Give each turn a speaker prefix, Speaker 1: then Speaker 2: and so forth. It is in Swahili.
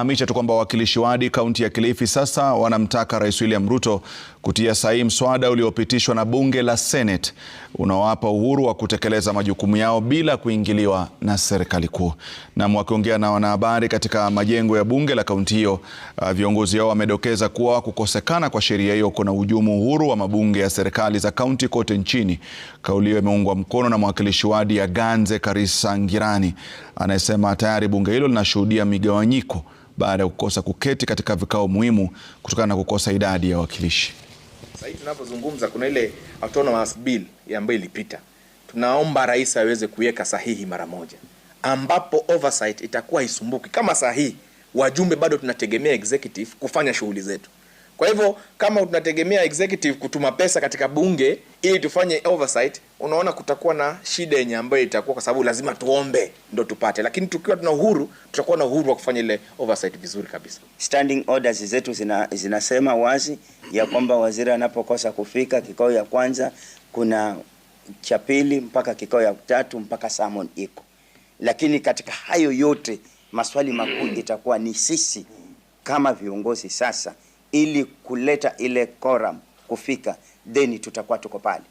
Speaker 1: Hamisha tu kwamba wawakilishi wadi kaunti ya Kilifi sasa wanamtaka Rais William Ruto kutia sahihi mswada uliopitishwa na bunge la Senate unaowapa uhuru wa kutekeleza majukumu yao bila kuingiliwa na serikali kuu. Na wakiongea na wanahabari katika majengo ya bunge la kaunti hiyo, uh, viongozi hao wamedokeza kuwa kukosekana kwa sheria hiyo kuna hujumu uhuru wa mabunge ya serikali za kaunti kote nchini. Kauli hiyo imeungwa mkono na mwakilishi wadi ya Ganze Karisa Ngirani anayesema tayari bunge hilo linashuhudia migawanyiko baada ya kukosa kuketi katika vikao muhimu kutokana na kukosa idadi ya wakilishi
Speaker 2: Sasa tunapozungumza, tunavyozungumza kuna ile autonomous bill ambayo ilipita, tunaomba rais aweze kuweka sahihi mara moja, ambapo oversight itakuwa isumbuki kama sahihi wajumbe bado tunategemea executive kufanya shughuli zetu. Kwa hivyo kama tunategemea executive kutuma pesa katika bunge ili tufanye oversight, unaona kutakuwa na shida yenye ambayo itakuwa kwa sababu lazima tuombe ndo tupate, lakini tukiwa tuna uhuru tutakuwa na uhuru wa kufanya ile oversight vizuri kabisa.
Speaker 3: Standing orders zetu zina, zinasema wazi ya kwamba waziri anapokosa kufika kikao ya kwanza, kuna cha pili mpaka kikao ya tatu mpaka summon iko. Lakini katika hayo yote maswali makuu itakuwa ni sisi kama viongozi sasa, ili kuleta ile quorum kufika, then tutakuwa tuko pale